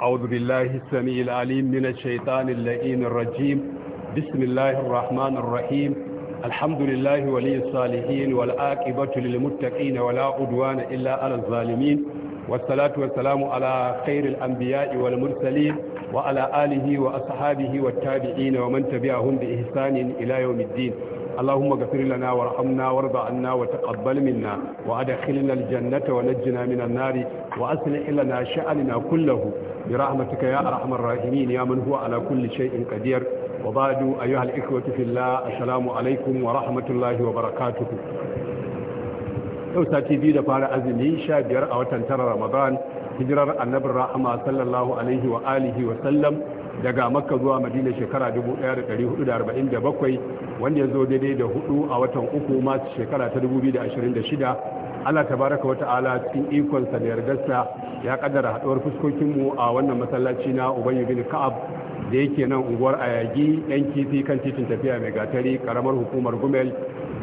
أعوذ بالله السميع العليم من الشيطان اللئيم الرجيم بسم الله الرحمن الرحيم الحمد لله ولي الصالحين والآكبة للمتقين ولا عدوان إلا على الظالمين والصلاة والسلام على خير الأنبياء والمرسلين وعلى آله وأصحابه والتابعين ومن تبعهم بإحسان إلى يوم الدين اللهم اغفر لنا وارحمنا وارض عنا وتقبل منا وادخلنا الجنة ونجنا من النار وأصلح لنا شأننا كله برحمتك يا أرحم الراحمين يا من هو على كل شيء قدير وبعد أيها الإخوة في الله السلام عليكم ورحمة الله وبركاته yau sati biyu da fara azumi sha biyar a watan tara ramadan hijirar annabin rahama sallallahu alaihi wa alihi wa sallam daga makka zuwa madina shekara 1447 wanda ya zo daidai da hudu a watan uku masu shekara ta 2026 allah tabaraka wa ta'ala cikin ikonsa da yardarsa ya kaddara haduwar fuskokinmu a wannan masallaci na uban bin ka'ab da yake nan unguwar ayagi yan kifi kan titin tafiya mai gatari karamar hukumar gumel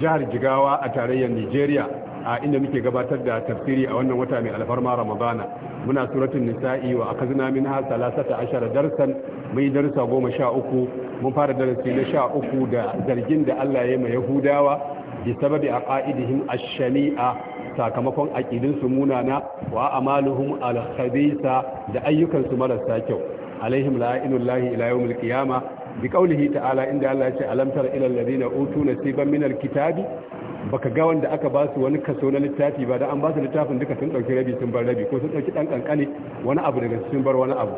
jihar jigawa a tarayyar nigeria a inda muke gabatar da tafsiri a wannan wata mai alfarma ramadana muna suratun nisa'i wa akazna minha salasata ashara darsan mai darsa goma sha uku mun fara darasi na sha uku da zargin da Allah ya mai yahudawa bi sababi a ash-shani'a sakamakon aqidin munana wa amaluhum al-khabisa da ayyukansu marasa kyau alaihim la'inullahi ila yawmil qiyamah bi qawlihi ta'ala inda Allah ya ce alam tara ila alladhina utu nasiban min al-kitabi baka ga wanda aka ba su wani kaso na littafi ba da an ba su littafin duka sun dauki rabi sun bar rabi ko sun dauki dan kankane wani abu daga sun bar wani abu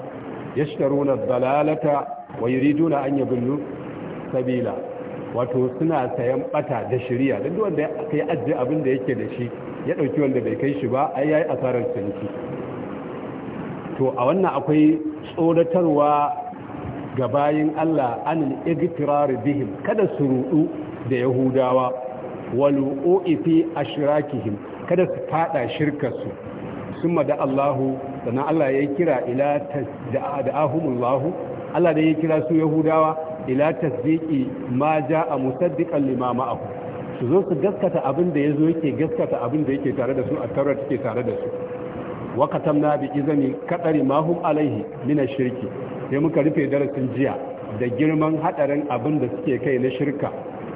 yashtaruna dalalata wa yuriduna an yadullu sabila wato suna sayan bata da shari'a duk wanda aka yi ajje abin da yake da shi ya dauki wanda bai kai shi ba ai yayi asarar ciniki to a wannan akwai tsoratarwa ga bayin Allah anil igtirar bihim kada su rudu da yahudawa walu'u'i fi ashrakihim kada su fada shirkarsu summa da Allahu sannan Allah ya kira ila da'ahumullahu Allah da ya kira su Yahudawa ila tasdiqi ma ja'a musaddiqan lima ma'ahu su zo su gaskata abin da yazo yake gaskata abin da yake tare da su a tarar take tare da su wa katamna bi izami kadari ma hum alaihi min ashriki shirki sai muka rufe darasin jiya da girman hadarin abin da suke kai na shirka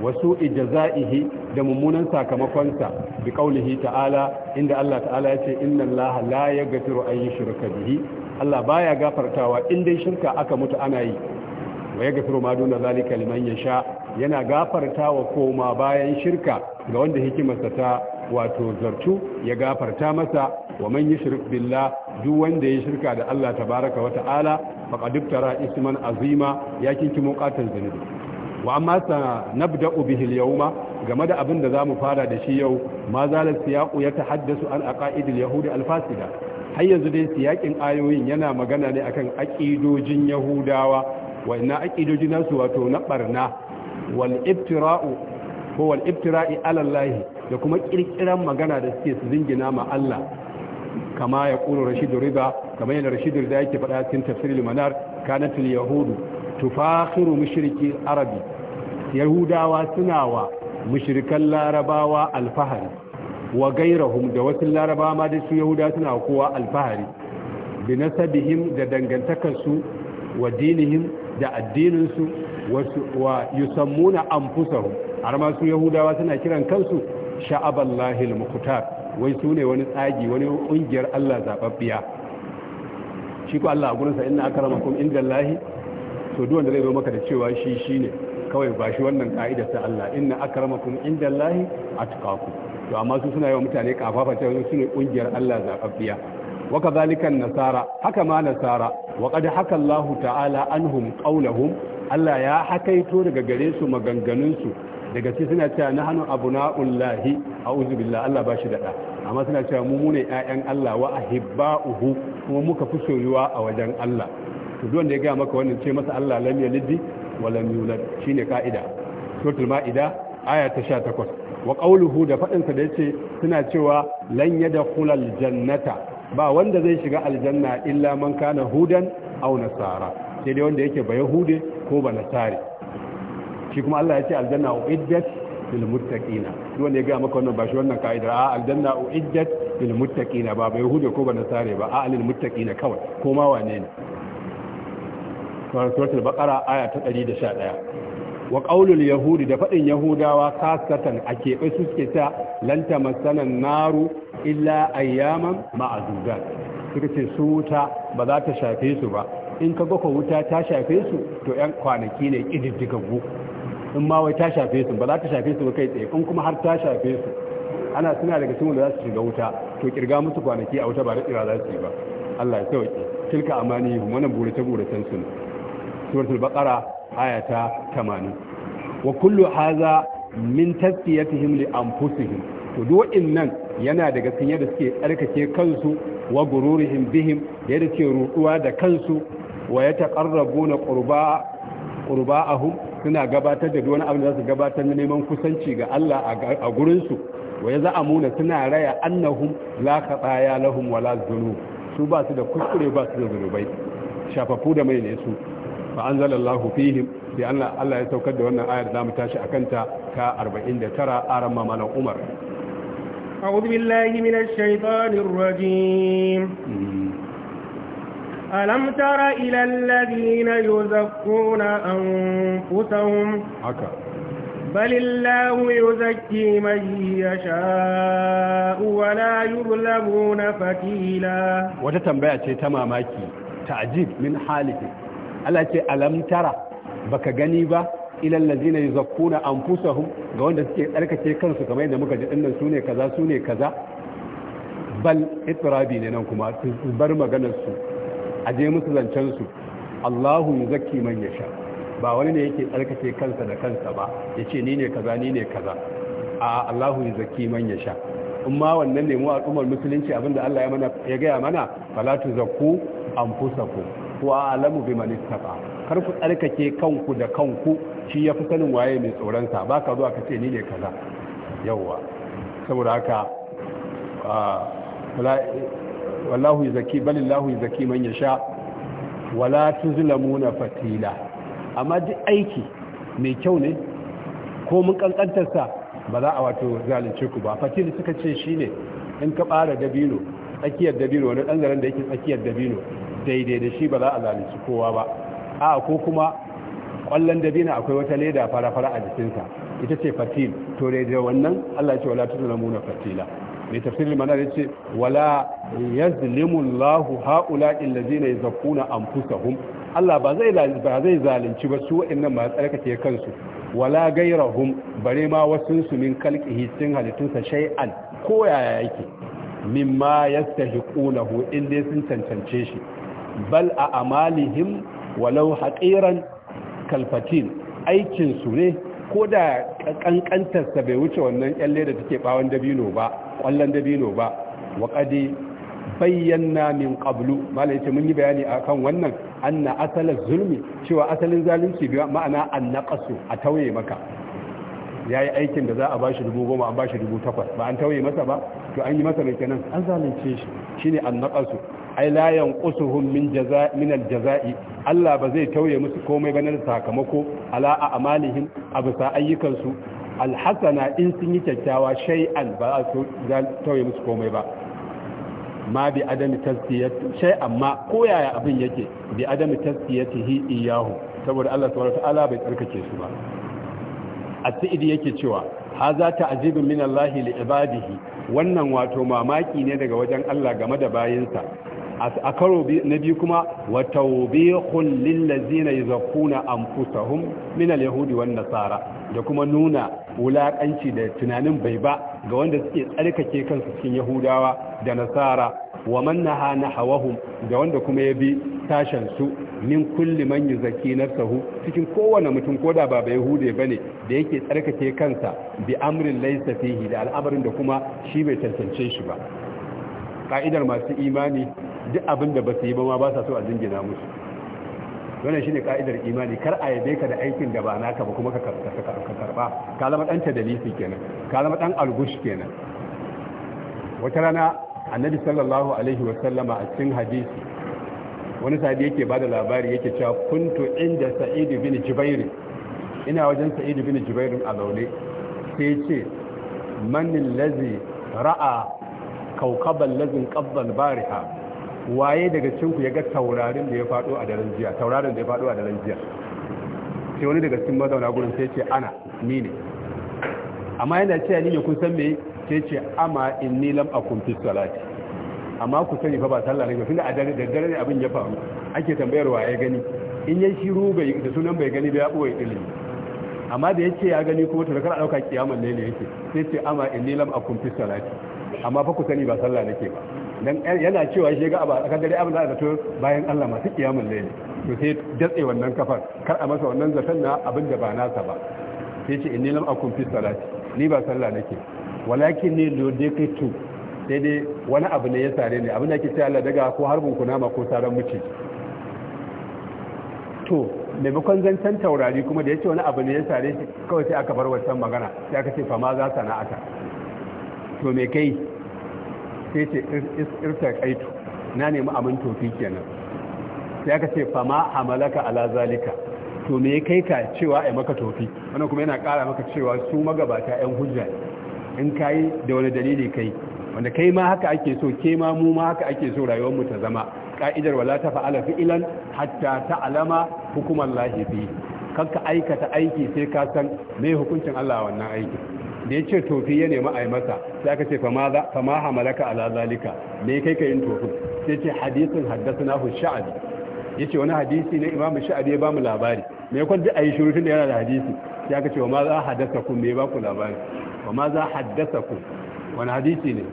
wasu ijaza'ihi da mummunan sakamakonsa bi qaulihi ta'ala inda Allah ta'ala yace inna Allah la yaghfiru an yushraka bihi Allah baya gafartawa in dai shirka aka mutu ana yi wa yaghfiru ma duna zalika liman yasha yana gafartawa koma bayan shirka ga wanda hikimarsa ta wato zartu ya gafarta masa wa man yushrik billah duk wanda ya shirka da Allah tabaraka wa ta'ala faqad iftara isman azima ya kinki muqatan zanubi wa amma sanabda'u bihi al-yawma game da abin da zamu fara da shi yau ma zalal siyaqu yatahaddasu an aqaid al-yahud al-fasida har yanzu dai siyakin ayoyin yana magana ne akan aqidojin yahudawa wa inna aqidojin nasu wato na barna wal ibtira'u ko wal ibtira'i ala Allah da kuma kirkiran magana da suke su zingina ma Allah kama ya qulu rashidu riba kama yana rashidu da yake faɗa cikin tafsirul manar kanatul yahudu tufakhiru mushriki arabi yahudawa suna wa mushrikan larabawa alfahari wa gairahum da wasu larabawa ma da su yahuda suna kowa alfahari bi nasabihim da dangantakarsu wa dinihim da addininsu wa yusammuna anfusahum har ma yahudawa suna kiran kansu sha'aballahi al-muqtar wai su wani tsagi wani ƙungiyar Allah zababbiya shi ko Allah a gurinsa inna akramakum indallahi to duk wanda zai zo maka da cewa shi shine kawai ba shi wannan ka'ida ta Allah inna akramakum indallahi atqakum to amma su suna yawa mutane kafafa ta su ne kungiyar Allah zababbiya wa kadhalika nasara haka ma nasara wa qad haka Allah ta'ala anhum qawlahum Allah ya hakaito daga gare su maganganun su daga ci suna cewa na ullahi a'udhu billahi Allah ba shi da amma suna cewa mu mu ne ƴaƴan Allah wa uhu kuma muka fi soyuwa a wajen Allah to duk wanda ya gaya maka wannan ce masa Allah lam yalidi walam yulad shine ka'ida suratul ma'ida aya ta 18 wa qawluhu da fadin sa da yace suna cewa lan yadkhula jannata, ba wanda zai shiga aljanna illa man kana hudan aw nasara sai dai wanda yake ba yahude ko ba nasari shi kuma Allah yace aljanna uiddat lil muttaqina duk wanda ya ga maka wannan ba shi wannan ka'ida a aljanna uiddat lil muttaqina ba ba yahude ko ba nasari ba a lil muttaqina kawai ko ma wane ne suratul baqara aya ta 111 wa qaulul yahudi da fadin yahudawa kasatan ake bai su suke ta lan masanan naru illa ayyaman ma'dudat suka ce su wuta ba za ta shafe su ba in ka goko wuta ta shafe su to yan kwanaki ne go in ma wai ta shafe su ba za ta shafe su ba kai tsaye in kuma har ta shafe su ana suna daga cikin da za su shiga wuta to kirga musu kwanaki a wuta ba da tsira za su yi ba Allah ya sauke tilka amanihum wannan burace-buracen sun suratul baqara ayata tamanin, 80 wa kullu haza min tasfiyatihim li anfusihim to duk nan yana daga cikin yadda suke tsarkake kansu wa gururihim bihim da yadda suke ruduwa da kansu wa ya yataqarrabuna qurba qurba'ahum suna gabatar da wani abin da su gabatar na neman kusanci ga Allah a gurinsu wa ya za'amuna suna raya annahum la khataya lahum wala dhunub su ba su da kuskure ba su da zunubai shafafu da mai ne su fa an zala fihim bi Allah ya saukar da wannan ayar da mu tashi akan ta ka 49 aran mamana Umar A'udhu billahi minash shaitanir rajim mm-hmm. Alam tara ila alladhina yuzakkuna anfusahum haka Balillahu yuzakki man yasha'u wa la yuzlamuna fatila Wata tambaya ce ta mamaki ta'jib min halihi Allah ce alam tara baka gani ba ilal ladina yuzakkuna anfusahum ga wanda suke tsarkake kansu kamar yadda muka ji dinnan sune kaza sune kaza bal itrabi ne nan kuma su bar maganar su aje musu zancen su Allahu yuzakki man yasha ba wani ne yake tsarkake kansa da kansa ba yace ni ne kaza ni ne kaza a Allahu yuzakki man yasha amma wannan ne mu al'ummar musulunci abinda Allah ya mana ya gaya mana fala tuzakku anfusakum wa alamu bi man ittaqa kar ku tsarkake kanku da kanku shi yafi sanin waye mai tsoron sa baka zuwa ka ce ni ne kaza yawa saboda haka wallahu yuzaki balillahu yuzaki man yasha wala tuzlamuna fatila amma duk aiki mai kyau ne ko mun kankantar sa ba za a wato zalunce ku ba fatila suka ce shine in ka fara dabino tsakiyar dabino wani ɗangaren da yake tsakiyar dabino daidai da shi ba za a zalunci kowa ba a ko kuma ƙwallon dabina akwai wata leda fara-fara a jikinsa ita ce fatil to da wannan Allah ya ce wala muna fatila mai tafsirin mana ya ce wala yazlimu Allahu haula illazina yazkuna anfusahum Allah ba zai ba zai zalunci ba su wa'annan ma tsarkake kansu wala gairahum bare ma wasu su min hisin halitun sa shay'an ko yaya yake mimma yastahiqunahu in dai sun cancance shi bal a amalihim walau haƙiran kalfatin aikinsu ne ko da ƙanƙantarsa bai wuce wannan ƙyalle da take ɓawon dabino ba ƙwallon dabino ba waƙadi bayyana min ƙablu malai mun yi bayani a kan wannan na asalin zulmi cewa asalin zalunci biya ma'ana an ƙasu a tauye maka ya yi aikin da za a ba shi dubu goma an ba shi dubu takwas ba an tauye masa ba to an yi masa mai kenan an zalunce shi shine an naqasu ai layan yanqusuhum min jaza min jazai Allah ba zai tauye musu komai ba na sakamako ala a amalihim abisa ayyukan su alhassana in sun yi kyakkyawa shay'an ba za su tauye musu komai ba ma bi adami tasdiyati shay amma ko yaya abin yake bi adami tasdiyatihi iyahu saboda Allah subhanahu wa ta'ala bai tsarkake su ba at-sa'idi yake cewa haza ta'jibun min Allah li ibadihi wannan wato mamaki ne daga wajen Allah game da bayinsa a karo na biyu kuma wa tawbihun lil ladzina yuzakkuna anfusahum min al-yahudi wan nasara da kuma nuna wulaƙanci da tunanin bai ba ga wanda suke tsarkake kansu cikin yahudawa da nasara wa man na hawahum da wanda kuma ya bi tashansu. min kulli man yuzaki nafsahu cikin kowane mutum koda ba bai hude bane da yake tsarkake kansa bi amrin laysa fihi da al'amarin da kuma shi bai tantance shi ba ka'idar masu imani duk abin da ba su yi ba ma ba sa so a jingina musu wannan shine ka'idar imani kar a yabe ka da aikin da ba naka ba kuma ka karba ka zama dan tadalisi kenan ka zama dan algush kenan wata rana annabi sallallahu alaihi wasallama a cikin hadisi wani sahabi yake ba da labari yake cewa kuntu inda Sa'idu bin jubair ina wajen Sa'idu bin jubair a zaune sai ce manin lazi ra'a kaukaban lazin bari bariha waye daga cinku ya ga taurarin da ya fado a daren jiya taurarin da ya fado a daren jiya sai wani daga cikin mazauna gurin sai ce ana ni ne amma yana cewa ni ne kun san me sai ce ama inni lam akun fi salati amma ku sani fa ba sallah ne ba tunda a dare da dare ne abin ya faru ake tambayar wa ya gani in yayi shiru bai da sunan bai gani ba ya boye ilimi amma da yace ya gani kuma to da kar a dauka kiyamar ne yake sai ce amma inni lam akun fi salati amma fa ku sani ba sallah nake ba dan yana cewa shi ga a tsakar dare abin da aka to bayan Allah masu kiyamar ne to sai datse wannan kafar kar a masa wannan zaton na abin da ba nasa ba sai ce inni lam akun fi salati ni ba sallah nake walakin ne lodikitu sai dai wani abu ne ya sare ne abin da ke Allah daga ko harbin kunama ko saran mace to maimakon zancen taurari kuma da ya ce wani abu ne ya sare shi kawai sai aka bar wancan magana sai aka ce fama za aka to me kai sai ce irta kaitu na nemi abin tofi kenan sai aka ce fama malaka ala zalika to me kai ka cewa a maka tofi wannan kuma yana kara maka cewa su magabata yan hujja in kai da wani dalili kai wanda kai ma haka ake so ke ma mu ma haka ake so rayuwar mu ta zama ka'idar wala ta fa'ala ilan hatta ta'lama hukuman lahi bi kanka aikata aiki sai ka san me hukuncin Allah wannan aiki da ya ce tofi ya nemi a yi masa sai aka ce fa ma hamalaka ala zalika me kai ka yin tofin sai ce hadisin haddathana hu sha'abi ya ce wani hadisi ne imam sha'abi ya ba mu labari me kwan ji a yi shurutun da yana da hadisi sai aka ce wa ma za haddasa me ba ku labari wa ma za haddasa wani hadisi ne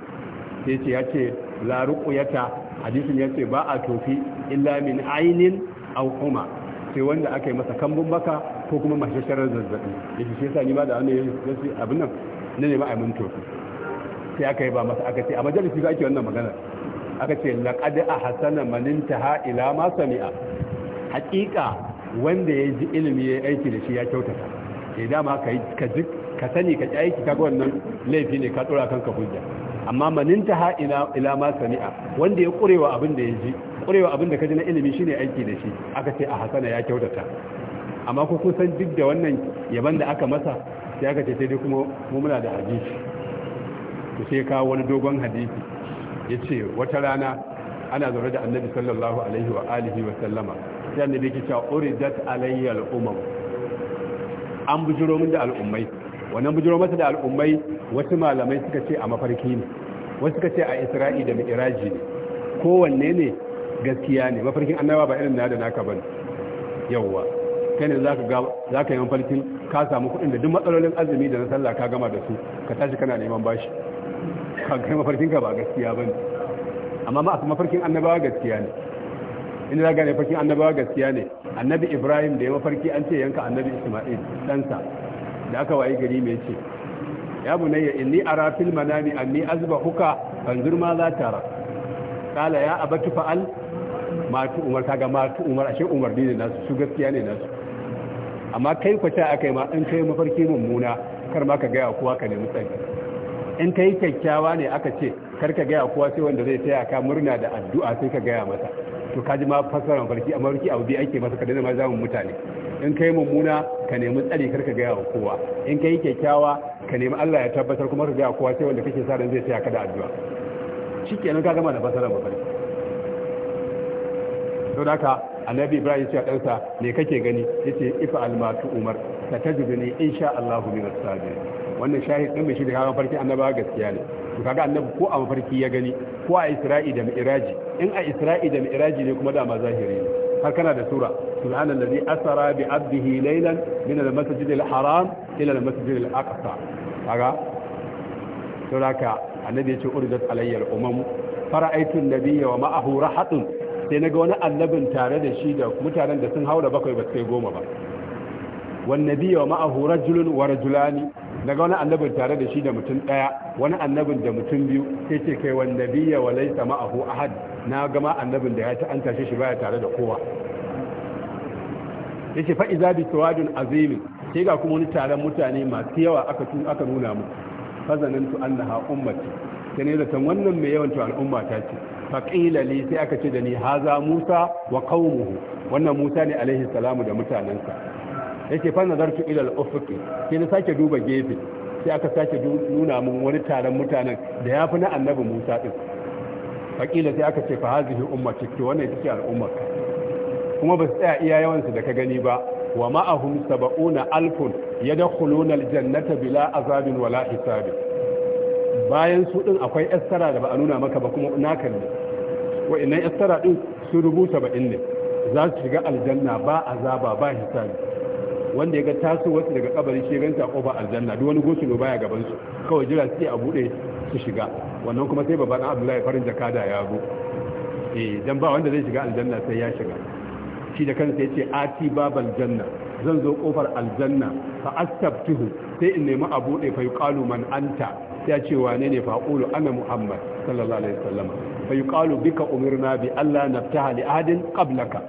sai ce ya ce la ruqyata hadisin ya ce ba a tofi illa min ainin aw kuma sai wanda aka yi masa kambun baka ko kuma mashasharar zazzabi yace shi yasa ni ma da wannan yace abin nan ne ne ba a mun tofi sai aka yi ba masa aka ce a majalisi ba ake wannan magana aka ce laqad ahsana man intaha ila ma sami'a haqiqa wanda ya ji ilimi ya aiki da shi ya kyautata sai eh, dama ka ka ka sani ka aiki kaga wannan laifi ne ka tsora kanka hujja amma maninta ha ila ma sami'a wanda ya kurewa abin da ya ji kurewa abin da ka ji na ilimi shine aiki da shi aka ce a hasana ya kyautata amma ko kun san duk da wannan yaban da aka masa sai aka ce sai dai kuma mu muna da hadisi to sai kawo wani dogon hadisi yace wata rana ana zaune da annabi sallallahu alaihi wa alihi wa sallama sai annabi ya ce uridat alayya al-umam an bujuro min da al'ummai wannan bujiro masa da al'ummai wasu malamai suka ce a mafarki ne wasu suka ce a isra'i da mi'raji ne kowanne ne gaskiya ne mafarkin annaba ba irin na da naka bane yawwa kai ne za ga yi mafarkin ka samu kuɗin da duk matsalolin azumi da na sallah ka gama da su ka tashi kana neman bashi ka kai mafarkin ka ba gaskiya ba ne amma ma mafarkin annabawa gaskiya ne inda za gane mafarkin annabawa gaskiya ne annabi ibrahim da ya mafarki an ce yanka annabi isma'il ɗansa da aka waye gari mai ce ya bunayya inni ara fil manami anni huka, kan ma za tara kala ya abatu fa'al matu umar kaga matu umar ashe umar ne nasu su gaskiya ne nasu amma kai kwata akai ma in kai mafarki mummuna kar ma ka gaya kowa ka nemi tsari in kai kyakkyawa ne aka ce kar ka gaya kowa sai wanda zai taya ka murna da addu'a sai ka gaya masa to kaji ma fasara mafarki amma mafarki abu bi ake masa ka dana ma zamun mutane in kai mummuna ka nemi tsari karka gaya wa kowa in kai kyakkyawa ka nemi Allah ya tabbatar kuma ka gaya kowa sai wanda kake sa ran zai taya ka da addu'a shikenan ka gama da fasara to da ka annabi ibrahim ya ɗansa me kake gani yace ifa almatu umar ka tajibuni insha Allah min as sabir wannan shahid din mai shi da farki annaba gaskiya ne to kaga annabi ko a mafarki ya gani ko a isra'i da mi'raji in a isra'i da mi'raji ne kuma da ma zahiri ne har kana da sura subhanal ladhi asara bi abdihi laylan min al masjid al haram ila al masjid al aqsa kaga to laka annabi ya ce uridat alayya al umam fara'aytu an nabiy wa ma'ahu rahatun sai naga wani annabin tare da shi da mutanen da sun haura bakwai ba sai goma ba wan nabiy wa ma'ahu rajulun wa rajulani daga wani annabin tare da shi da mutum daya wani annabin da mutum biyu sai ce kai wan nabiy wa laysa ma'ahu ahad na gama annabin da ya ta an tashe shi baya tare da kowa yace fa iza bi tawadun azim sai ga kuma wani taron mutane masu yawa aka tun aka nuna mu fazanantu annaha ummati sai ne zaton wannan mai yawan al'umma ta ce fa qila li sai aka ce da ni haza musa wa qaumuhu wannan musa ne alaihi salamu da mutanansa yace fa nazartu ila al-ufuqi sai na sake duba gefe sai aka sake nuna mun wani taron mutanen da yafi na annabi musa din fakila sai aka ce fa ummatik to wannan ita al'ummar kuma ba su tsaya iya yawansu da ka gani ba wa ma'ahum sab'una alfun yadkhuluna aljannata bila azabin wala hisab bayan su din akwai estara da ba a nuna maka ba kuma kalle wa wa'annan estara din su rubuta ba ne za su shiga aljanna ba azaba ba hisabi wanda ya ga taso wasu daga kabari shi ganta ko ba aljanna duk wani gosulo baya gaban su kawai jira sai a bude su shiga wannan kuma sai babban abdullahi farin jakada ya zo eh dan ba wanda zai shiga aljanna sai ya shiga shi da kansa yace ati babal janna zan zo kofar aljanna fa astabtuhu sai in nemi a dai fa yuqalu man anta ya ce wane ne faqulu ana muhammad sallallahu alaihi wasallam fa yuqalu bika umirna bi alla naftaha li ahadin qablaka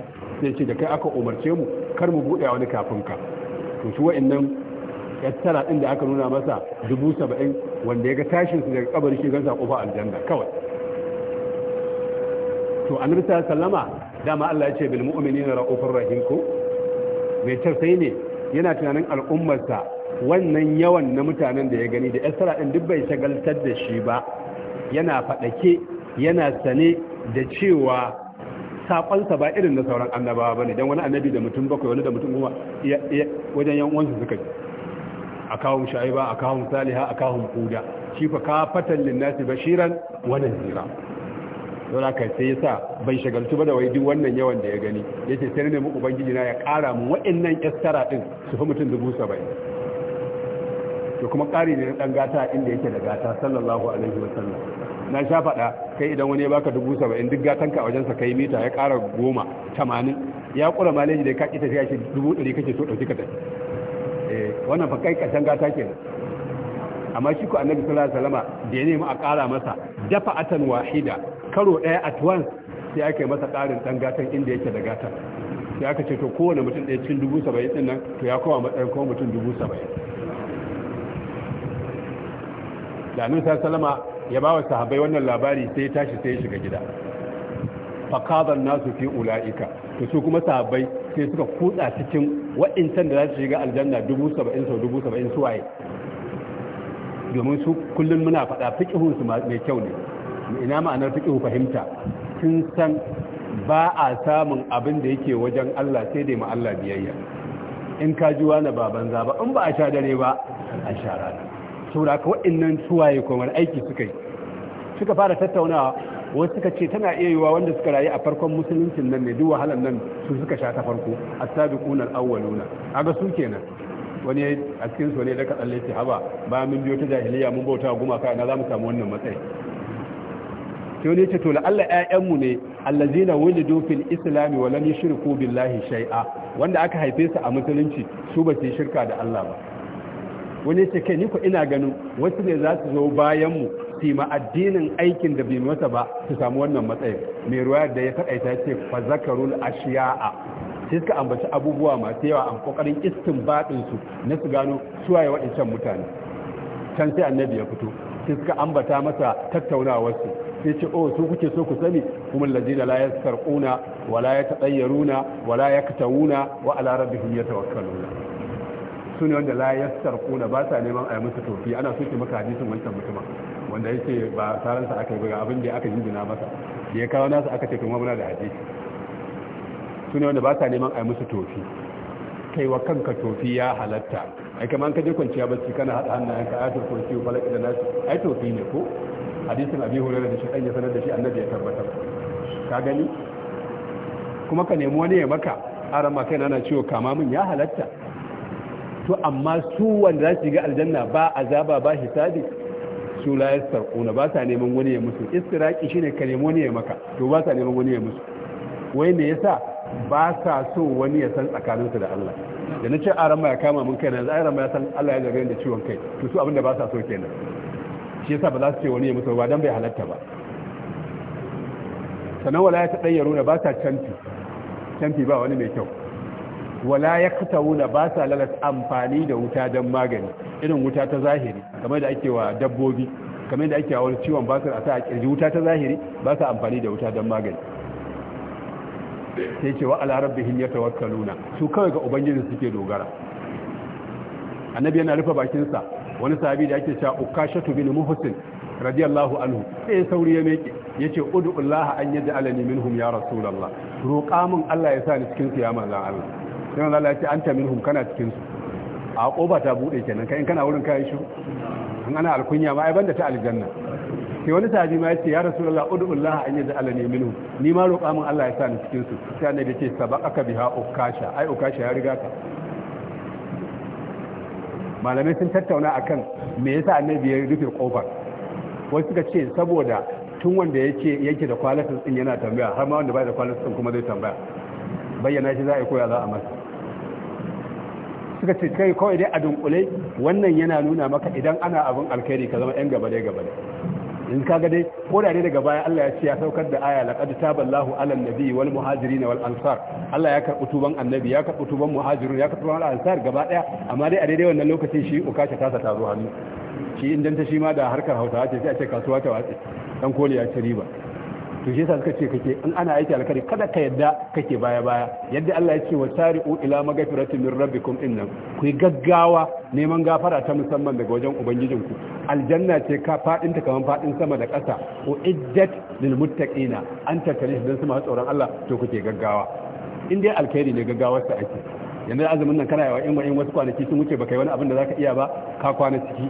sai ce da kai aka umarce mu kar mu bude wani kafin ka to shi wa'annan yattara ɗin da aka nuna masa dubu saba'in wanda ya ga tashin su daga kabari shi gansa kofa aljanna kawai to rita sallama dama Allah ya ce bil mu'minina ra'ufur rahim ko mai tausayi ne yana tunanin al'ummarsa wannan yawan na mutanen da ya gani da yassara ɗin duk bai shagaltar da shi ba yana faɗake yana sane da cewa saƙonsa ba irin na sauran annabawa ba ne don wani annabi da mutum bakwai wani da mutum kuma wajen yan uwansu suka ji akahum shaiba akahum saliha akahum huda shi fa fatan linnasi bashiran wa nadhira don haka sai yasa bai shagaltu ba da wai duk wannan yawan da ya gani yace sai ne mu ubangiji na ya kara mu wa'annan yastara din su fi mutum dubu 70 to kuma kari ne na dan gata inda yake da gata sallallahu alaihi wa sallam na sha faɗa kai idan wani ya baka dubu 70 duk ka a wajensa kai mita ya kara goma 80 ya kura maleji da ka ki tafiya shi dubu 100 kake so dauki ka tafi wannan fa kai katanga gata ke amma shi ko annabi sallallahu alaihi wasallama da ya nemi a ƙara masa dafa atan wahida karo ɗaya at once sai aka masa ƙarin ɗan gatan inda yake da gatan sai aka ce to kowane mutum ɗaya cikin dubu saba'in ɗin nan to ya kowa matsayin kowa mutum dubu saba'in da annabi sallallahu alaihi wasallama ya ba wa sahabbai wannan labari sai ya tashi sai ya shiga gida fakazan nasu fi ula'ika to su kuma sahabbai sai suka kutsa cikin wa'incan da za su shiga aljanna dubu saba'in sau dubu saba'in su waye domin su kullum muna faɗa fiƙihun su mai kyau ne ina ma'anar fiƙihu fahimta sun san ba a samun abin da yake wajen Allah sai dai ma Allah biyayya in ka ji wani baban zaba in ba a sha dare ba a sha rana saboda ka waɗannan suwaye kuma aiki suka yi suka fara tattaunawa wasu suka ce tana iya yiwa wanda suka rayu a farkon musuluncin nan ne duk wahalar nan su suka sha ta farko as-sabiquna al-awwaluna aga su kenan wani a cikin su ne da kadan lati haba ba mun biyo ta jahiliya mun bauta gumaka ina zamu samu wannan matsayi sai wani ce to la Allah mu ne allazina wulidu fil islam wa lam yushriku billahi shai'a wanda aka haife su a musulunci su ba su shirka da Allah ba wani ce kai ni ina ganin wasu ne za su zo bayan mu su ma addinin aikin da bai masa ba su samu wannan matsayin mai ruwa da ya fadaita ce fa zakarul ashiya'a sai suka ambaci abubuwa masu yawa an kokarin istinbadin su na su gano suwaye waɗancan mutane can sai annabi ya fito sai suka ambata masa tattaunawar su sai ce oh su kuke so ku sani kuma ladina la yasarquna wala yatayyaruna wala yaktawuna wa ala rabbihim yatawakkaluna su ne wanda la yassar kuna ba sa neman a yi musu tofi ana ke maka hadisin wancan mutumin wanda yake ba taransa aka yi ga abin da aka jinjina masa da ya kawo nasa aka ce kuma muna da hadisi su ne wanda ba sa neman a yi musu tofi kai wa kanka tofi ya halatta ai kamar ka je kwanciya bacci kana hada hannayen ka ayatul kursi wa falaq da nas ai tofi ne ko hadisin abi hurairah da shi dan ya sanar da shi annabi ya tabbatar ka gani kuma ka nemi wani ya maka arama kai na ciwo kama min ya halatta to amma su wanda za su ga aljanna ba azaba ba hisabi su la yasarquna ba sa neman wani ya musu istiraki shine ka nemi wani ya maka to ba sa neman wani ya musu wai me yasa ba sa so wani ya san tsakaninsu da Allah da na ce ma ya kama mun kai na ma ya san Allah ya zagaye da ciwon kai to su abinda ba sa so kenan shi yasa ba za su ce wani ya musu ba dan bai halatta ba sanan wala ya ta dayyaro ba sa canfi canfi ba wani mai kyau wala ya wuna ba sa lalata amfani da wuta don magani irin wuta ta zahiri kamar da ake wa dabbobi kamar da ake wa wani ciwon ba sa a kirji wuta ta zahiri ba sa amfani da wuta don magani sai ce wa ala rabbihim nuna su kawai ga ubangiji suke dogara annabi yana rufe bakinsa wani sahabi da ake cewa Shatu bin muhsin radiyallahu anhu sai sauri ya meke yace ud'u allaha an yaj'alani minhum ya rasulullah roƙa min Allah ya sa ni cikin su ya manzon Allah sai manzo Allah ya ce anta minhum kana cikin su a koba ta bude kenan kai in kana wurin kai shi an ana alkunya ma ai banda ta aljanna sai wani sahabi ma yace ya rasulullah ud'ullah an yaj'alani minhum ni ma roƙa min Allah ya sa ni cikin su sai annabi yace sabaqaka biha ukasha ai ukasha ya riga ka malamai sun tattauna akan me yasa annabi ya rufe kofar wasu suka ce saboda tun wanda yake yake da kwalatin din yana tambaya har ma wanda bai da kwalatin kuma zai tambaya bayyana shi za a yi koya za a masa suka ce kai kawai dai a dunkule wannan yana nuna maka idan ana abin alkhairi ka zama yan gaba dai gaba in ga dai ko da daga baya Allah ya ce ya saukar da aya laqad taballahu alal nabi wal muhajirin wal ansar Allah ya karbu tuban annabi ya karbu tuban muhajirin ya karbu tuban ansar gaba daya amma dai a daidai wannan lokacin shi ce tasa ta zo hannu shi ta shi ma da harkar hausawa ce sai a ce kasuwa ta watsi dan koli ya riba to shi yasa suka ce kake in ana aiki alkhairi kada ka yadda kake baya baya yadda Allah ya ce wa tari'u ila magfiratin min rabbikum nan ku gaggawa neman gafara ta musamman daga wajen ubangijin ku aljanna ce ka fadin ta kaman fadin sama da ƙasa wa iddat lil muttaqina an tattare dan su masu tsoron Allah to kuke gaggawa in dai alkhairi ne gaggawar sa ake yanzu azumin nan kana yawa in wasu kwanaki sun wuce baka yi wani abin da zaka iya ba ka kwana ciki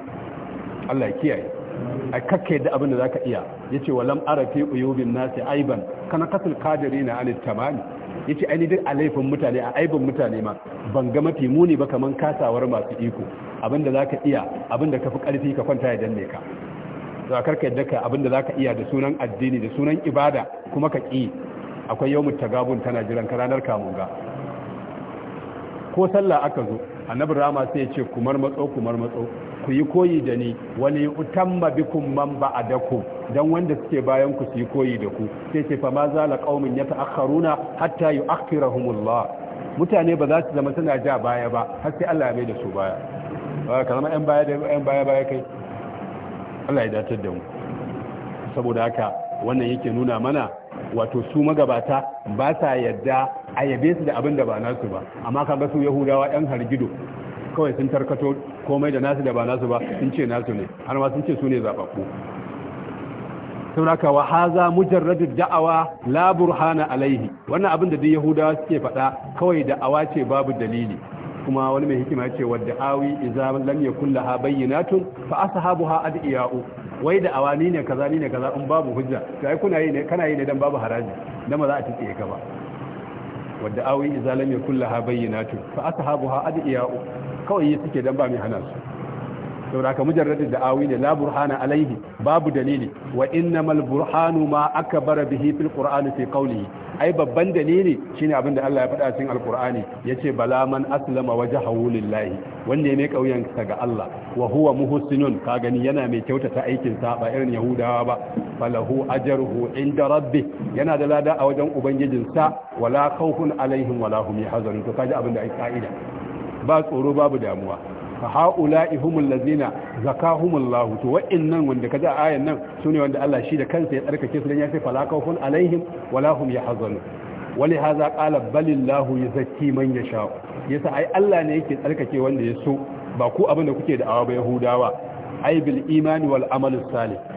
Allah ya kiyaye a kakka yadda abin da za ka iya yace walam arafi uyubin nasi aiban kana kasul na alif tamani yace ce ni duk alaifin mutane a aibin mutane ma ban ga mafi muni ba kamar kasawar masu iko abin da za ka iya abin da ka fi karfi ka kwanta ya danne ka za karka yadda ka abin da za ka iya da sunan addini da sunan ibada kuma ka ƙi, akwai ta tagabun tana jiran ka ranar ga. ko sallah aka zo annabi rama sai ya ce kumar matso kumar matso ku yi koyi da ni wani utamma bikum man ba'adakum dan wanda suke bayan ku su yi koyi da ku sai ce fa ma zala qaumin yata'akharuna hatta yu'akhirahumullah mutane ba za su zama suna ja baya ba har sai Allah ya mai da su baya ba zama ɗan baya da ɗan baya baya kai Allah ya datar da mu saboda haka wannan yake nuna mana wato su magabata ba sa yadda a yabe su da abin da ba nasu ba amma kaga su yahudawa yan hargido kawai sun tarkato komai da nasu da ba nasu ba sun ce nasu ne har ma sun ce su ne zaɓaɓɓu sauraka wa haza mujarradu da'awa la burhana alaihi wannan abin da duk yahudawa suke faɗa kawai da'awa ce babu dalili kuma wani mai hikima ce wadda awi idza lam yakun laha bayyinatun fa ashabuha adiya'u wai da awani ne kaza ne kaza in babu hujja sai kuna yi ne kana yi ne dan babu haraji dan ba za a tsiye ka ba wadda awi izalam ya kullaha bayyinatu fa ha ashabuha adiyau kawai yi suke dan ba mai hana su saboda haka da da'awi ne la burhana alaihi babu dalili wa innamal burhanu ma akbara bihi fil qur'ani fi qawlihi ai babban dalili shine abin da Allah ya faɗa cikin alqur'ani yace bala man aslama wajhahu lillahi wanne ne kauyen sa ga Allah wa huwa muhsinun ka gani yana mai kyautata aikin sa ba irin yahudawa ba falahu ajruhu inda rabbi yana da lada a wajen ubangijin sa wala khawfun alaihim wala hum yahzanun to kaji abin da ai ka'ida ba tsoro babu damuwa fa haula'i humul ladzina zakahumullahu to wa'annan wanda kaji a ayan nan sune wanda Allah shi da kansa ya tsarkake su dan ya ce fala khawfun alaihim wala hum yahzanun wali haza qala balillahu yuzakki man yasha yasa ai Allah ne yake tsarkake wanda ya so ba ku abin da kuke da awa ba yahudawa aibil imani wal amal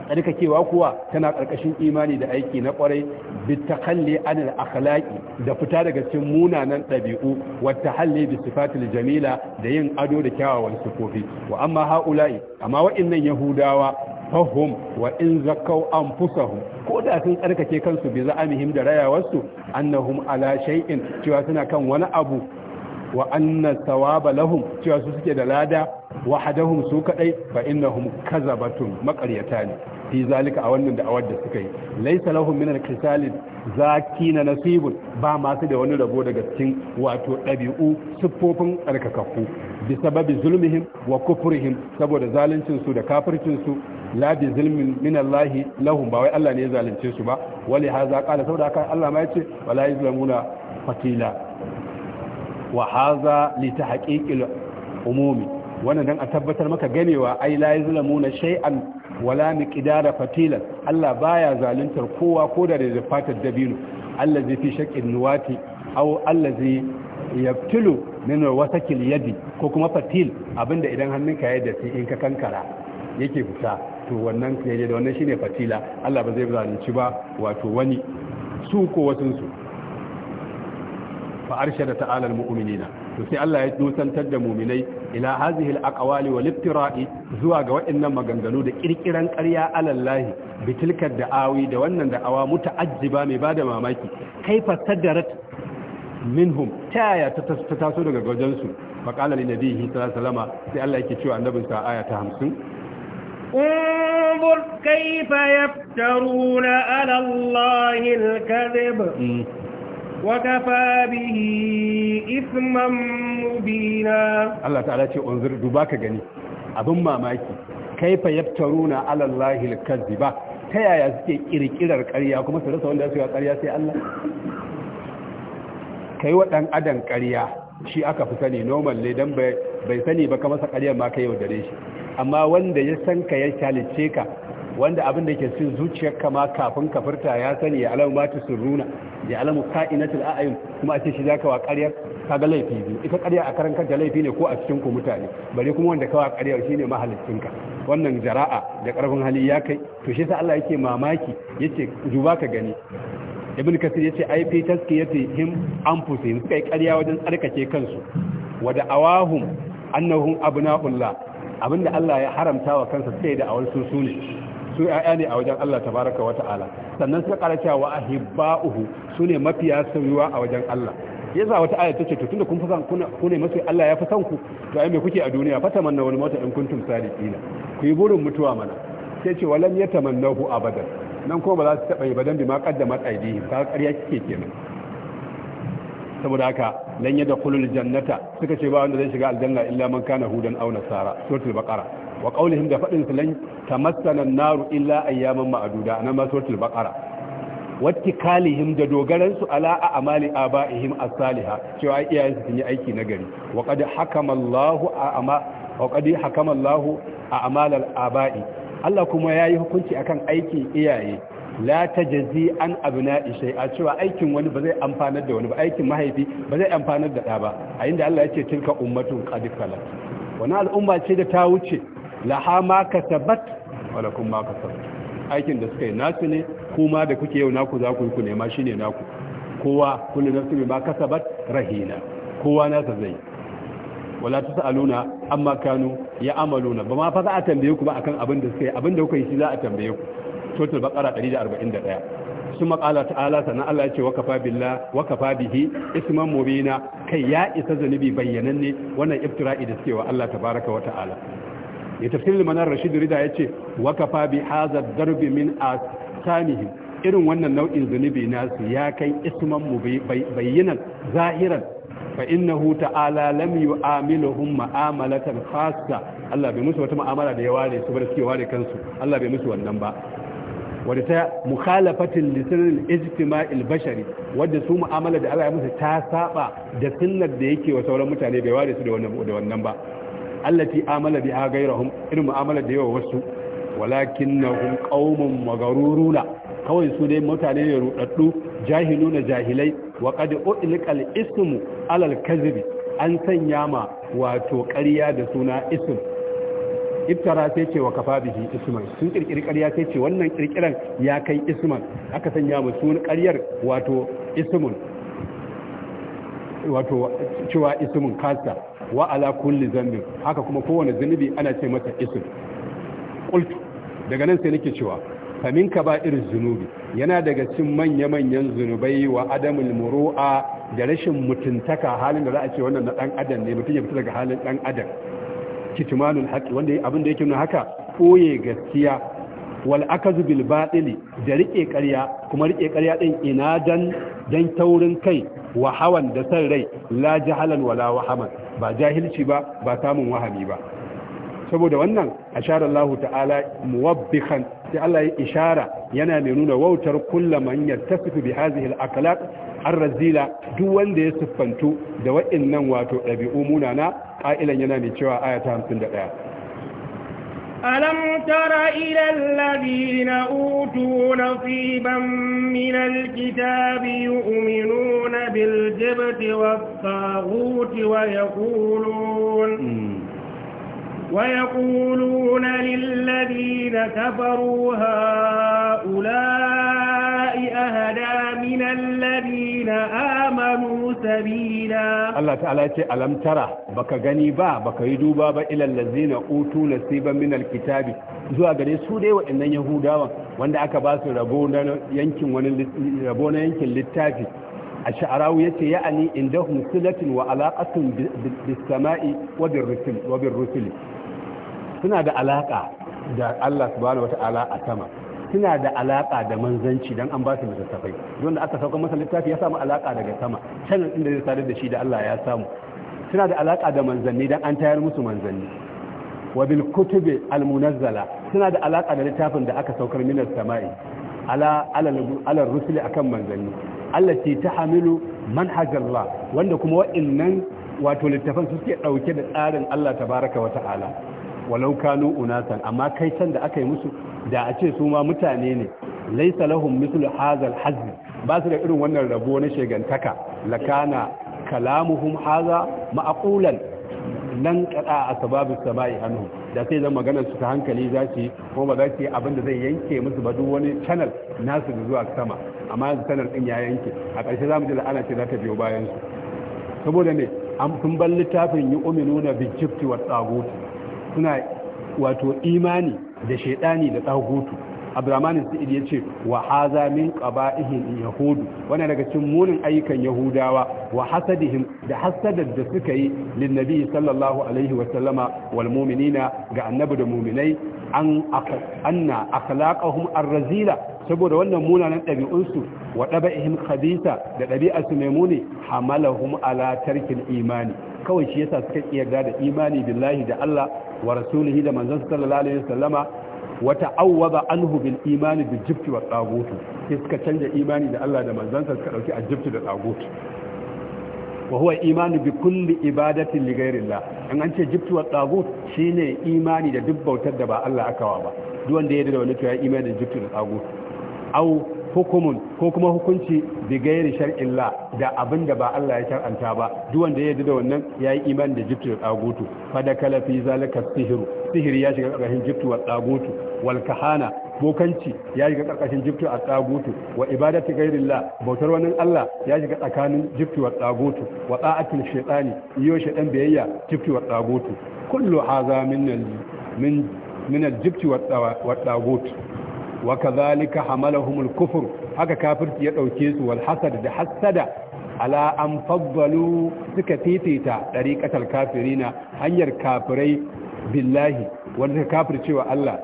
tsarkakewa kuwa tana ƙarƙashin imani da aiki na kwarai bita takalli anil akhlaqi da fita daga cikin munanan ɗabi'u wa tahalli bi sifatul jamila da yin ado da kyawawan sifofi wa amma haula'i amma waɗannan yahudawa fahum wa in zakau anfusahum ko da sun tsarkake kansu bi za'amihim da rayawarsu annahum ala shay'in cewa suna kan wani abu wa anna thawaba lahum cewa su suke da lada wahadahum su kadai fa innahum kazabatun makaryata ne fi zalika a wannan da'awar da suka yi laysa lahum min al-qisalin na nasibun ba masu da wani rabo daga cikin wato dabi'u siffofin tsarkakakku bi sababi zulmihim wa kufrihim saboda zaluncin su da kafircin su la bi zulmin min Allah lahum ba wai Allah ne ya zalunce su ba wali haza qala saboda haka Allah ma yace wala yuzlamuna fatila wa haza li tahqiqil umumi wannan dan a tabbatar maka ganewa ai la na shay'an wala miqdara fatilan Allah baya zaluntar kowa ko da da fatar dabino allazi fi shaqqin nuwati aw allazi yaftilu min wasakil yadi ko kuma fatil abinda idan hannunka ya dace in ka kankara yake fita to wannan yaje da wannan shine fatila Allah ba zai zalunci ba wato wani su ko su fa arshada ta'ala al-mu'minina to sai Allah ya dusantar da muminai ila hazihi akawali aqwali zuwa ga waɗannan maganganu da kirkiran ƙarya alallahi bitilkar da'awi da wannan da'awa muta'ajjiba mai bada mamaki kaifa sadarat minhum taya ta taso daga gajen su fa qala li nabiyhi sallallahu alaihi wasallam sai Allah yake cewa annabin sa aya ta 50 انظر كيف يفترون على الله الكذب وكفى به إثما مبينا الله تعالى ce unzur ba ka gani abin mamaki kaifa yaftaruna ala Allah al-kadhiba ta yaya suke ƙirƙirar ƙarya kuma su rasa wanda su yi ƙarya sai Allah kai wa dan adam ƙarya shi aka fi sani normal ne dan bai sani ba ka masa ƙaryar ma ka yaudare shi amma wanda ya san ka ya kyalice ka wanda abin da ke cin zuciyar ka ma kafin ka furta ya sani ya alamu mata surruna ya alamu ka'inatul a'yun kuma a ce shi zaka wa ƙaryar kaga laifi ne ita ƙarya a karan kanta laifi ne ko a cikin ku mutane bare kuma wanda kawa ƙaryar shine mahalicin ka wannan jara'a da karfin hali ya kai to shi sa Allah yake mamaki yace duba ka gani ibn kasir yace ai fi taskiyati him anfusihim kai ƙarya wajen tsarkake kansu wa da'awahum annahum abna'ullah abinda Allah ya haramta wa kansa sai da a wasu su ne su ya'ya ne a wajen Allah tabaraka wa ta'ala sannan suka ƙara cewa wa ahibba'uhu su ne mafiya sauriwa a wajen Allah yasa wata aya ce to tunda kun fasan ku ne masoyi Allah ya fi san ku to ai me kuke a duniya fata manna wani mota in kuntum sadiqina ku yi burin mutuwa mana sai ce walam yatamannahu abadan nan kuma ba za su taba yi badan bi ma qaddamat aidihim ka ƙarya kike kenan saboda haka lan yadkhulul jannata suka ce ba wanda zai shiga aljanna illa man kana hudan aw nasara suratul baqara wa qawlihim da fadin su lan tamassana an-naru illa ayyaman ma'duda nan ma suratul baqara wattikalihim da dogaran su ala a amali abaihim as-saliha cewa iyayen su yi aiki nagari wa qad hakama Allahu a ama wa qad hakama Allahu a amal abai Allah kuma yayi hukunci akan aikin iyaye la ta jazi an abu ishe a cewa aikin wani ba zai amfanar da wani ba aikin mahaifi ba zai amfanar da ɗa ba a da Allah ya ce tilka ummatun qad wani al'umma ce da ta wuce ha ma kasabat wala lakum ma sabat aikin da suka yi nasu ne kuma da kuke yau naku za ku yi ku nema shine naku kowa kullum nasu ne ma ka sabat rahina kowa nasa zai wala sa'aluna amma kanu ya amaluna ba ma fa za a tambaye ku ba akan abin da suka yi abin da kuka yi shi za a tambaye ku suratul bakara 141 kuma qala ta'ala sannan Allah ya ce wa kafa billah wa kafa bihi isman mubina kai ya isa zanubi bayyananne wannan iftira'i da suke wa Allah tabaraka wa ta'ala ya tafsirin manar rashid rida ya ce wa kafa bi hadha darbi min asanihim irin wannan nau'in zunubi nasu ya kai isman bayyanan zahiran fa innahu ta'ala lam yu'amiluhum ma'amalatan khassa Allah bai musu wata mu'amala da ya ware su bar suke ware kansu Allah bai musu wannan ba wadda ta mukhalafatin lisanin ijtima'il bashari wadda su mu'amala da Allah musu ta saba da sunnar da yake wa sauran mutane bai ware su da wannan da wannan ba allati amala bi ghayrihim irin mu'amala da yawa wasu walakinnahum qaumun magaruruna kawai su dai mutane ne rudaddu jahiluna jahilai wa qad utlqal ismu alal kadhib an sanya ma wato ƙarya da suna ism iftara sai ce wa kafa bihi isman sun kirkiri ƙarya sai ce wannan kirkiran ya kai isman aka sanya mu sun ƙaryar wato ismun wato cewa ismun kasa wa ala kulli zambin haka kuma kowane zunubi ana ce masa ism daga nan sai nake cewa famin irin zunubi yana daga cikin manya-manyan zunubai wa adamul muru'a da rashin mutuntaka halin da za a ce wannan na dan adam ne mutum ya fita daga halin dan adam kitmanul haqqi wanda abin da yake nuna haka koye gaskiya wal akazu bil batili da rike ƙarya kuma rike ƙarya din ina dan taurin kai wa hawan da san rai la jahalan wala wahaman ba jahilci ba ba samun wahami ba saboda wannan asharallahu ta'ala muwabbikan sai Allah ya ishara yana mai nuna wautar kulla manyar ta sufi bi hazihil akalak arrazila duk wanda ya siffantu da wa'innan wato ɗabi'u munana ƙa'ilan yana mai cewa aya ta hamsin da ɗaya ألم تر إلى الذين أوتوا نصيبا من الكتاب يؤمنون بالجبت والطاغوت ويقولون ويقولون للذين كفروا هؤلاء أهدا من الذين آمنوا سبيلا الله تعالى ألم ترى بك غنيبا بك يدوبا إلى الذين أوتوا نصيبا من الكتاب zuwa gare su dai waɗannan yahudawan wanda aka ba su rabo na yankin wani rabo na yankin littafi a sha'arawu ya ce ya'ani indahum silatin wa alaqatun bis sama'i wa bir rusul suna da alaƙa da Allah subhanahu wata'ala a sama suna da alaƙa da manzanci don an ba su littattafai don da aka sauka masa littafi ya samu alaƙa daga sama channel inda zai sadar da shi da Allah ya samu suna da alaƙa da manzanni don an tayar musu manzanni wa bil kutubi al munazzala suna da alaƙa da littafin da aka saukar minas sama'i ala ala rusuli akan manzanni Hamilu tahamilu manhajallah wanda kuma wa'annan wato littafan suke ɗauke da tsarin Allah ta baraka wa ta'ala walau kanu unatan amma kai can da aka yi musu da a ce su ma mutane ne laisa lahum mithlu hazal hazm ba su da irin wannan rabo na shegantaka lakana kalamuhum haza ma'qulan lan a sababu samai hanu da sai zan maganar su ta hankali za su yi ko ba za su yi abin da zai yanke musu ba duk wani channel nasu da zuwa sama amma yanzu channel din ya yanke a ƙarshe za mu ji la'ana ce za ta biyo bayan su saboda ne an sun bar littafin yi uminu na bijibti wa tsaguti suna wato imani da shaidani da tsagutu abdurrahman sa'id ya ce wa haza min qaba'ihin yahudu wannan daga cikin munin ayyukan yahudawa wa hasadihim da hasadar da suka yi linnabi sallallahu alaihi wa sallama wal mu'minina ga annabi da mu'minai an anna akhlaqahum arrazila saboda wannan munanan ɗabi'unsu wa ɗaba'ihim khabisa da ɗabi'arsu mai muni hamalahum ala tarkin imani kawai shi yasa suka kiyarda da imani billahi da Allah wa rasulihi da manzon sallallahu alaihi wasallama wa ta'awwada anhu bil imani bil jibti wa tagut sai suka canja imani da Allah da manzon sa suka dauki aljibti da tagut wa huwa imani bi kulli ibadatin li ghairillah an an ce jibti wa tagut shine imani da duk bautar da ba Allah aka wa ba duk wanda ya yarda da wani to ya imani da jibti da tagut au hukumun ko kuma hukunci bi gairi shar'illa da abin da ba Allah ya shar'anta ba duk wanda ya yarda da wannan ya yi imani da jiftu da tsagutu fa da kala fi zalika sihiru sihiri ya shiga karkashin jiftu wa tsagutu wal kahana bokanci ya shiga karkashin jiftu a tsagutu wa ibadati la bautar wannan Allah ya shiga tsakanin jiftu wa tsagutu wa ta'atul shaytani iyo shaytan biyayya jiftu wa tsagutu kullu hadha min min min al jibti wa tsagutu wa kadhalika hamalahumul kufur haka kafirci ya dauke su wal hasad da hasada ala an faddalu suka fifita dariqatal kafirina hanyar kafirai billahi wanda suka kafircewa Allah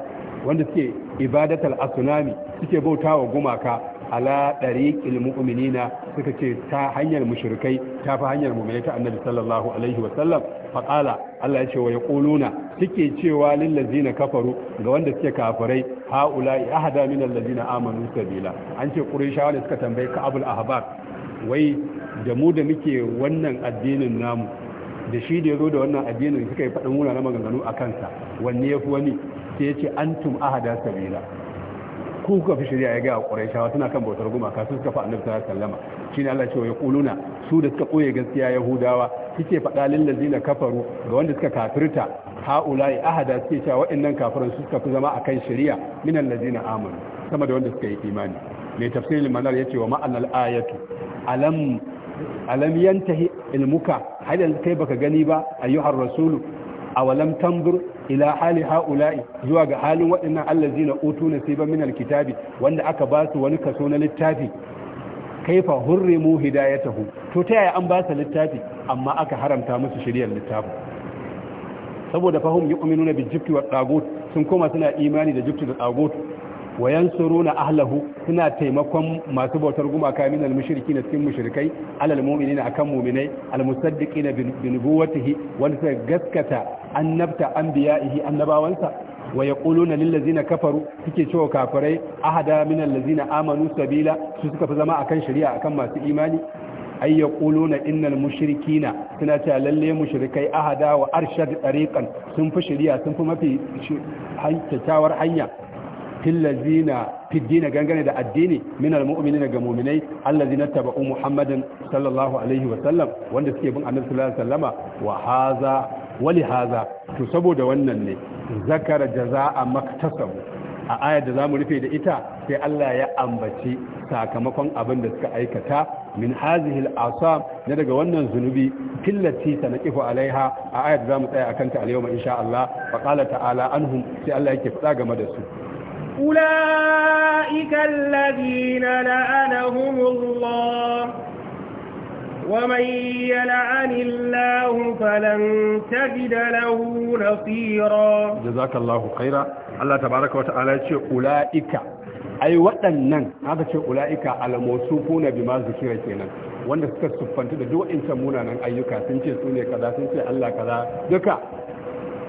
wanda suke ibadatal asnami suke bautawa gumaka ala dariqil mu'minina suka ce ta hanyar mushrikai ta fa hanyar mu'minai ta annabi sallallahu alaihi wa sallam faƙala Allah ya ce wa yaquluna suke cewa lil ladzina kafaru ga wanda suke kafirai haula ahada min allazina amanu sabila an ce qurayshawa da suka tambaye ka abul ahbab wai da mu da muke wannan addinin namu da shi da yazo da wannan addinin suka yi faɗin na maganganu a kansa wanne yafi wani sai ya ce antum ahada sabila ku kuka fi shari'a ya ga qurayshawa suna kan bautar gumaka su suka fa annabi sallallahu alaihi wasallama shine Allah ya ce wa yaquluna su da suka koye gaskiya yahudawa kike faɗa na kafaru ga wanda suka kafirta haulai ahada suke cewa waɗannan kafiran su suka fi zama akan shari'a min allazina amanu sama da wanda suka yi imani mai tafsirin manar yace wa ma'anar ayatu alam alam yantahi ilmuka har yanzu kai baka gani ba ayyuhar rasulu walam tanzur ila hali haula'i zuwa ga halin waɗannan allazina utu ba minan kitabi, wanda aka ba su wani kaso na littafi kaifa hurrimu hidayatahu to ta yaya an ba su littafi amma aka haramta musu shiriyar littafi saboda fahim yu'minuna na jibti wa tagut sun koma suna imani da jibti da tagut wa na ahlahu suna taimakon masu bautar gumaka min al-mushriki na cikin mushrikai alal mu'minina akan mu'minai al-musaddiqina bi nubuwatihi wanda suka gaskata annabta anbiya'ihi annabawansa wa yaquluna lil ladzina kafaru suke cewa kafirai ahada min allazina amanu sabila su suka fi zama akan shari'a akan masu imani ay yaquluna innal mushrikina suna cewa lalle mushrikai ahada wa arshad tariqan sun fi shari'a sun fi mafi kyakkyawar hanya fillazina fiddina gangane da addini min almu'minina ga mu'minai allazina taba'u muhammadin sallallahu alaihi wa sallam wanda suke bin annabi sallallahu alaihi wa sallama wa wali haza to saboda wannan ne zakara jaza'a za a ayar da zamu rufe da ita sai Allah ya ambaci sakamakon abin da suka aikata min hazihi al-asam na daga wannan zunubi killati sanqifu alaiha a ayar da zamu tsaya akan ta a yau insha Allah fa qala ta'ala anhum sai Allah yake fada game da su أولئك الذين لعنهم الله ومن يلعن الله فلن تجد له نصيرا جزاك الله خيرا الله تبارك وتعالى أولئك ai waɗannan aka ce ula'ika al-mawsufuna bima zikira kenan wanda suka suffantu da duk incan munanan ayyuka sun ce su ne kaza sun ce Allah kaza duka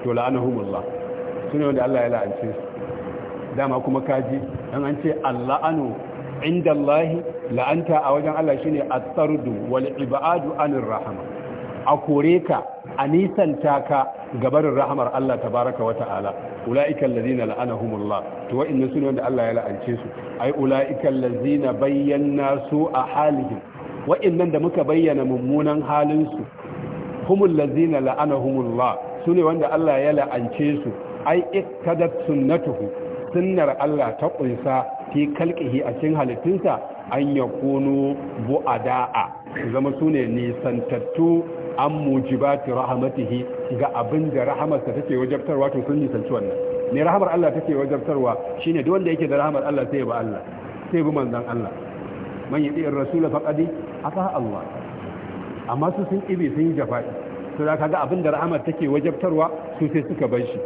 to la'anahumullah sune wanda Allah ya la'ance su dama kuma kaji dan an ce alla'anu inda Allah la'anta a wajen Allah shine a tsardu wani ibadu anir rahama a kore ka a nisanta ka gabarin rahamar Allah tabaraka wa ta'ala ula'ikal ladina la'anahumullah to wa'annan sune wanda Allah ya la'ance su ai ula'ikal ladina bayyana su a halihim wa'annan da muka bayyana mummunan halinsu su humul ladina la'anahumullah sune wanda Allah ya la'ance su ai ikkadat sunnatuhu sunnar Allah ta ƙunsa fi kalƙihi a cikin halittunsa an ya kono bu'ada'a zama su ne nisantattu an mujibati rahamatihi ga abin da rahamarsa take wajabtarwa to sun nisanci wannan ne rahamar Allah take wajabtarwa shine duk wanda yake da rahamar Allah sai ba Allah sai bi manzon Allah man yadi ar-rasul faqadi ata Allah amma su sun ibe sun yi jafa'i su da kaga abin da rahamar take wajabtarwa su sai suka bar shi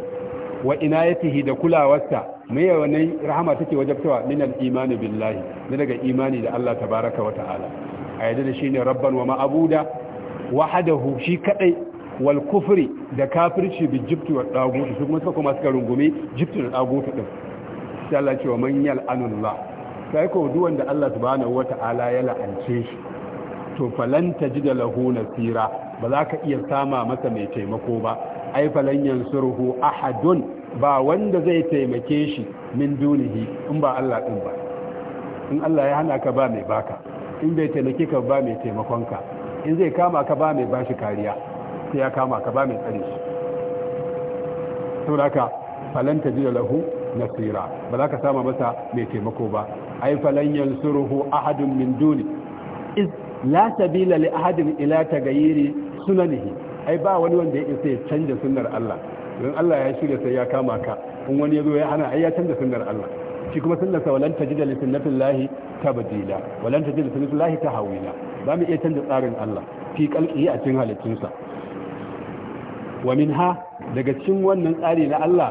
wa inayatihi da kulawarsa mai yawa wannan rahama take wajabtawa min al-imani billahi ne daga imani da Allah tabaaraka wa ta'ala a yadda da shine rabban wa ma'abuda wahdahu shi kadai wal kufri da kafirci bi jibtu wa dagutu su kuma suka kuma suka rungume jibtu da dagutu din sai Allah cewa man yal'anullah sai ko duwan da Allah subhanahu wa ta'ala ya la'ance shi to falanta jidalahu nasira ba za ka iya sama masa mai taimako ba ai falan yansuruhu ahadun ba wanda zai taimake shi min dunihi in ba Allah din ba in Allah ya hana ka ba mai baka in bai taimake ka ba mai taimakon ka in zai kama ka ba mai bashi kariya sai ya kama ka ba mai tsare shi saboda falan tajida lahu nasira ba za ka sama masa mai taimako ba ai falan yansuruhu ahadun min duni iz la sabila li ahadin ila tagayiri sunanihi ai ba wani wanda ya isa ya canja sunnar Allah don Allah ya shirya sai ya kama ka in wani ya zo ya hana ai ya canja sunnar Allah shi kuma sunnar sa walanta tajida li sunnatillahi tabdila walanta tajida li sunnatillahi tahawila ba mu iya canja tsarin Allah fi kalqi a cikin halittunsa wa minha daga cikin wannan tsari na Allah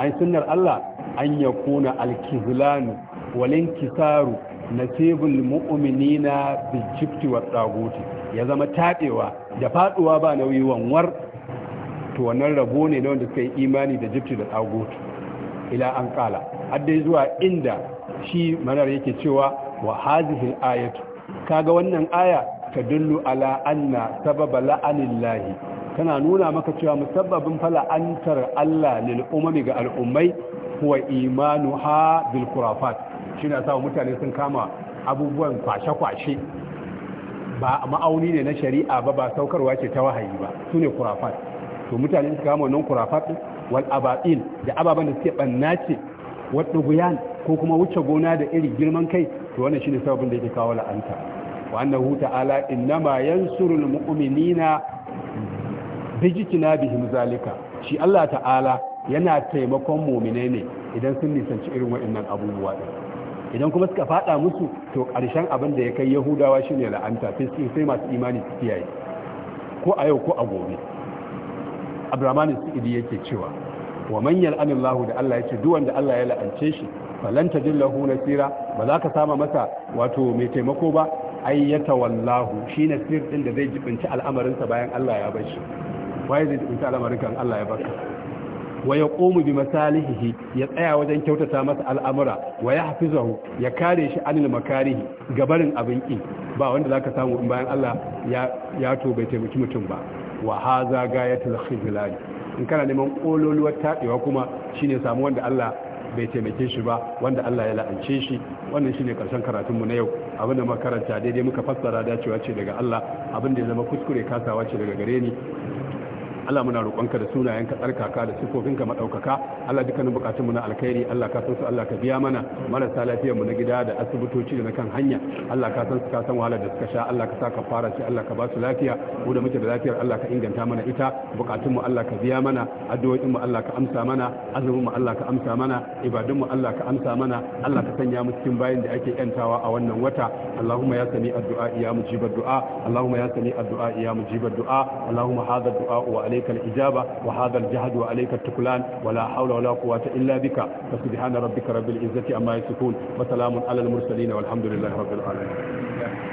ai sunnar Allah an yakuna alkizlanu walinkisaru nasibul mu'minina bil jibti wa taguti ya zama tadewa da faduwa ba nauyi wanwar to wannan rabo ne da wanda suka yi imani da jibti da taguti ila an kala zuwa inda shi manar yake cewa wa ayatu. ayatu kaga wannan aya tadullu ala anna sababa la'anillahi Kana nuna maka cewa musabbabin fala'antar Allah lil umami ga al'ummai huwa imanu ha bil kurafat shi na sa mutane sun kama abubuwan kwashe-kwashe ba ma'auni ne na shari'a ba ba saukarwa ce ta wahayi ba su ne kurafat to mutane su kama wannan kurafat wal ababil da ababen da suke bannace wadda guyan ko kuma wuce gona da iri girman kai to wannan shine sababin da yake kawo la'anta wa annahu ta'ala innama yansurul mu'minina bijtina bihim zalika shi Allah ta'ala yana taimakon mu'minai ne idan sun nisanci irin waɗannan abubuwa idan kuma suka fada musu to ƙarshen abin da ya kai yahudawa shine la'anta sai masu imani su kiyaye ko a yau ko a gobe abdurrahman sa'idi yake cewa wa man yal'anillahu da Allah ce duwan wanda Allah ya la'ance shi lahu na nasira ba za ka sama masa wato mai taimako ba ai ya tawallahu shi tsir din da zai jibinci al'amarinsa bayan Allah ya bar shi waye zai jibinci al'amarin kan Allah ya barka wa ya ƙomu bi masalihihi ya tsaya wajen kyautata masa al'amura wa ya hafizahu ya kare shi anil makarihi gabarin abin ƙi ba wanda za ka samu in bayan Allah ya to bai taimaki mutum ba wa haza gayatul khizlani in kana neman ƙololuwar taɗewa kuma shine samu wanda Allah bai taimake shi ba wanda Allah ya la'ance shi wannan shine karshen karatunmu na yau abin da makaranta daidai muka fassara dacewa ce daga Allah abin da ya zama kuskure kasawa ce daga gare ni Allah muna roƙonka da sunayenka tsarkaka da sifofinka madaukaka Allah dukkanin bukatun mu na alkhairi Allah ka san su Allah ka biya mana marasa lafiyar mu na gida da asibitoci da na kan hanya Allah ka san su ka san wahalar da suka sha Allah ka sa ka fara shi Allah ka ba su lafiya mu da muke da lafiyar Allah ka inganta mana ita bukatun mu Allah ka biya mana addu'o'in mu Allah ka amsa mana azumin mu Allah ka amsa mana ibadun mu Allah ka amsa mana Allah ka sanya mu cikin bayin da ake yantawa a wannan wata Allahumma ya sami addu'a ya mujibar du'a Allahumma ya sami addu'a ya mujibar du'a Allahumma hadha du'a wa عليك الإجابة وهذا الجهد وعليك التكلان ولا حول ولا قوة إلا بك فسبحان ربك رب العزة أما يسكون وسلام على المرسلين والحمد لله رب العالمين